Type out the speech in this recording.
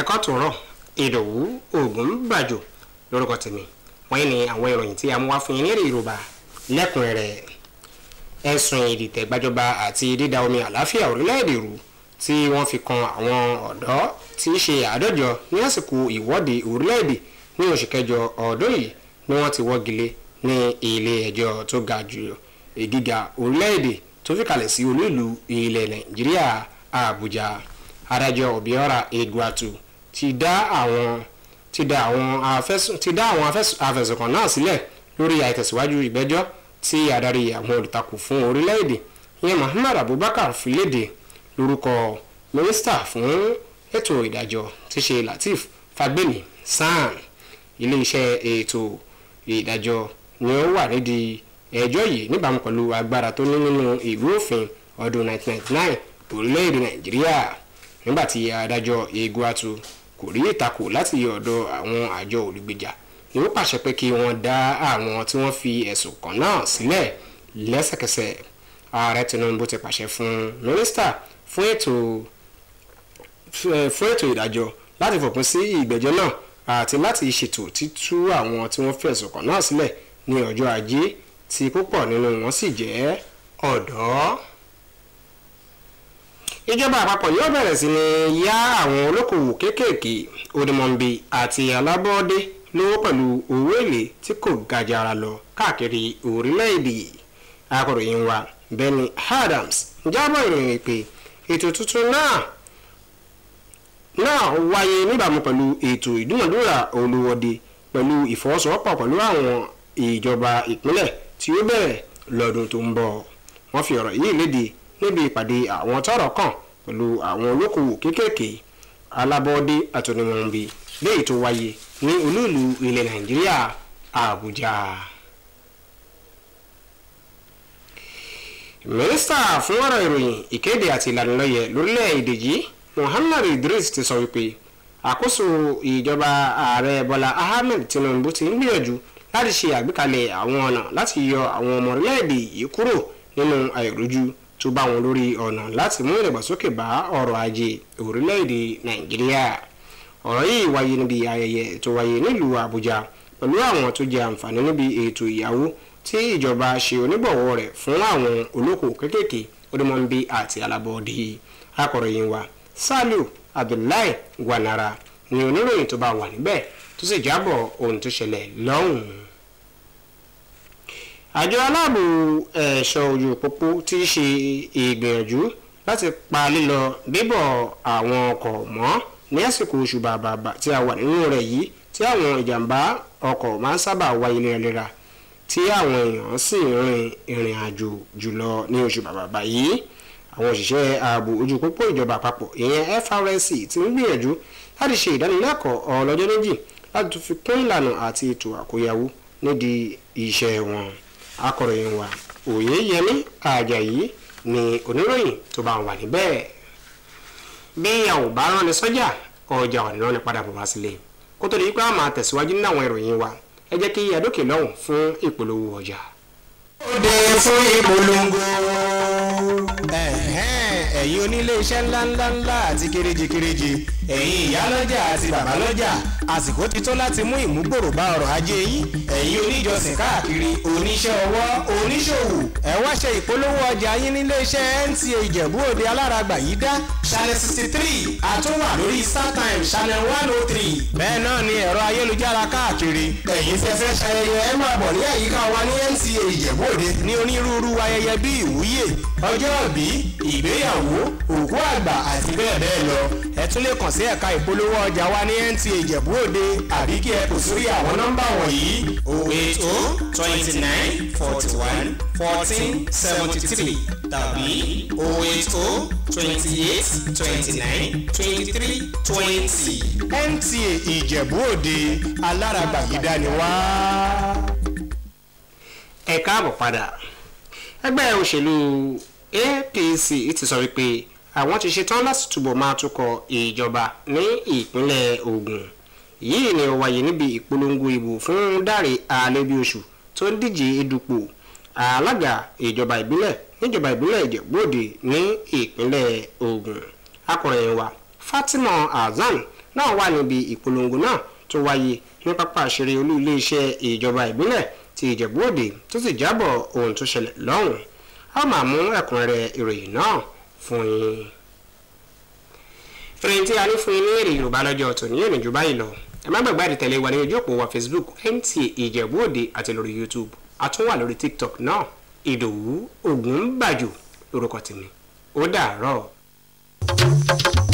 ẹ̀kọ́ tó rọ̀ ìdòwú ògùn gbàjò lórúkọ tèmi wọ́n ni àwọn ìròyìn tí a mú wá fún yín ní èrè yorùbá lẹ́kùnrẹ́rẹ́ ẹ̀sùn ìdìtẹ̀gbàjọba àti dídà omi àlàáfíà orílẹ̀-èdè rú tí wọ́n fi kan àwọn ọ̀dọ́ tí í ṣe àádọ́jọ ní àsìkò ìwọ́de orílẹ̀ ní oṣù kẹjọ ọdún yìí ni wọ́n ti wọ́gilé ní ilé ẹjọ́ tó ga jù gíga orílẹ̀-èdè tó fi kalẹ̀ sí olú ìlú ilẹ̀ nàìjíríà àbújá adájọ́ òbíọ́ra eguatu ti dá àwọn ti dá àwọn afẹ́sùn ti dá àwọn afẹ̀sùnkàn náà sílẹ̀ lórí àìtẹ̀síwájú ìgbẹ́jọ́ tí adarí àwọn olùtakò fún orílẹ̀-èdè ìyẹn Muhammad Abubakar fi léde lórúkọ mínísítà fún ètò ìdájọ́ ti ṣe latif Fagbemi SAN iléeṣẹ́ ètò ìdájọ́ ni ó wà nídìí ẹjọ́ yìí níbàámu pẹ̀lú agbára tó ní nínú ìwé òfin ọdún 1999 orílẹ̀-èdè Nàìjíríà nígbàtí adájọ́ Eguatu kò rí ìtakò láti ọ̀dọ̀ àwọn àjọ olùgbèjà ni ó pàṣẹ pé kí wọ́n dá àwọn tí wọ́n fi ẹ̀sùn kàn náà sílẹ̀ lẹ́sẹ̀kẹsẹ̀ ààrẹ Tinubu ti pàṣẹ fún mínísítà fún ètò fún ètò ìdájọ́ láti fòpin sí ìgbẹ́jọ́ náà àti láti ṣètò títú àwọn tí wọ́n fi ẹ̀sùn kàn náà sílẹ̀ ní ọjọ́ ajé tí púpọ̀ nínú wọn sì jẹ́ ọ̀dọ́ ìjọba àpapọ̀ yóò bẹ̀rẹ̀ sí ni yá àwọn olókòwò kéékèèké onímọ̀nbi àti alábọ́ọ́dé lówó pẹ̀lú owó èlé tí kò ga lọ káàkiri orílẹ̀-èdè akọ̀ròyìn wa Benny Adams jábọ̀ ìròyìn pé ètò tuntun náà náà wáyé níbàámu pẹ̀lú ètò ìdúnàdúrà olùwọ́de pẹ̀lú ìfọwọ́sowọ́pọ̀ pẹ̀lú àwọn ìjọba ìpínlẹ̀ tí ó bẹ̀rẹ̀ lọ́dún tó ń bọ̀ wọ́n fi ọ̀rọ̀ yìí léde níbi ìpàdé àwọn tọ́rọ̀ kàn pẹ̀lú àwọn olókòwò kéékèèké alábọ́ọ́dé àtọ̀nìmọ̀ọ́bì léyìí tó wáyé ní olúùlú ilẹ̀ nàìjíríà àbújá. mínísítà fún ọ̀rọ̀ ìròyìn ìkéde àti ìlànà lọ́yẹ̀ lórílẹ̀‐èdè yìí Muhammad Idris ti sọ wípé àkóso ìjọba ààrẹ Bọ́lá Ahmed Tinubu ti ń gbìyànjú láti ṣe àgbékalẹ̀ àwọn ọ̀nà láti yọ àwọn ọmọ orílẹ̀‐èdè yìí kúrò nínú àìrójú tó bá wọn lórí ọ̀nà láti mú ìdàgbàsókè bá ọrọ̀ ajé orílẹ̀-èdè nàìjíríà ọ̀rọ̀ yìí wáyé níbi ayẹyẹ tó wáyé nílùú àbújá pẹ̀lú àwọn tó jẹ àǹfààní níbi ètò ìyàwó tí ìjọba ṣe onígbọ̀wọ́ rẹ̀ fún àwọn olóko kéékèèké odúmọ̀nbí àti alábọ́ọ̀dì akọ̀ròyìn wa saliu abdullahi gwanara ni oníròyìn tó bá wà níbẹ̀ tó sì jábọ̀ ohun tó ṣẹlẹ̀ lọ́hùn-ún àjọ aláàbò ẹ̀ṣọ́ ojú pópó ti ṣe ìgbìyànjú láti pa lílọ bíbọ̀ àwọn ọkọ̀ mọ́ ní àsìkò oṣù bàbàbà tí a wà nínú rẹ̀ yìí tí àwọn ìjàmbá ọkọ̀ máa ń sábà wáyé léraléra tí àwọn èèyàn sì rin ìrìn àjò jùlọ ní oṣù bàbàbà yìí àwọn òṣìṣẹ́ ààbò ojú pópó ìjọba àpapọ̀ ìyẹn FRSC ti ń gbìyànjú láti ṣe ìdánilẹ́kọ̀ọ́ ọlọ́jọ́ méjì láti tún fi kún ìlànà àti ètò àkóyawó nídìí iṣẹ́ wọn. akọ̀ròyìn wa oyeyemi Àjàyí ni oníròyìn tó bá ń wà níbẹ̀ bí a ò bá rán ni sọ́jà ọjà ò ní ni padà bọ̀ wá sílé kó tó di pé a máa tẹ̀síwájú nínú àwọn ìròyìn wa ẹ jẹ́ kí adókè lọ́hùn fún ìpolówó ọjà. ó dé fún ìpolongo ẹ̀yin onílé ẹ̀yin ìyálọ́jà àti bàbálọ́jà àsìkò ti tó láti mú ìmúgbòrò bá ọrọ̀ ajé yín ẹ̀yin oníjọsìn káàkiri oníṣẹ́ ọwọ́ oníṣòwò ẹ wá ìpolówó ọjà yín nílé NTA Ìjẹ̀bú Òde alárágbà yìí dá channel sixty three àtúnwà lórí startime channel one oh three bẹ́ẹ̀ náà ni ẹ̀rọ ayélujára káàkiri ẹ̀yin fẹ́fẹ́ ṣayẹyẹ ẹ máa bọ̀ ní àyíká wa ní NTA Ìjẹ̀bú Òde ní onírúurú ayẹyẹ bíi ìwúyè ọjọ́ ìbí ìgbéyàwó òkú àgbà àti bẹ́ẹ̀ bẹ́ẹ̀ lọ ẹ tún lè kàn sí ẹ̀ka ìpolówó ọjà wa ní NTA Ìjẹ̀bú Òde àbí kí ẹ kò sórí àwọn nọ́mbà wọ̀nyí oh eight oh twenty nine forty one fourteen seventy three tàbí oh eight oh twenty eight twenty nine twenty three twenty. NTA Ìjẹ̀bú Òde alárabàgídá ni wá. ẹ padà ẹgbẹ́ òṣèlú APC ti sọ wípé àwọn ti ṣetán láti túbọ̀ máa tukọ̀ ìjọba ní ìpínlẹ̀ ogun yìí ni ó wáyé níbi ìpolongo ìbò fún Dáre oṣù tó ń díje dupò alága ìjọba ìbílẹ̀ níjọba ìbílẹ̀ ní ìpínlẹ̀ Fatima Azan náà wà níbi ìpolongo náà tó wáyé ní pápá àṣírí olú iléeṣẹ́ ìjọba ìbílẹ̀ ti tó sì jábọ̀ ohun tó a máa mú ẹ̀kúnrẹ́rẹ́ ìròyìn náà fún yín fẹ́rẹ̀ntì a ní fún yín ní èrè yorùbá lọ́jọ́ tòní òní jù báyìí lọ ẹ má gbàgbé àdìtẹ̀lé wa ní ojú òpó wa facebook nta ìjẹ̀bú òde àti lórí youtube a tún wà lórí tiktok náà ìdòwú ògùnbàjò lórúkọ tèmi ó dàárọ̀. thank you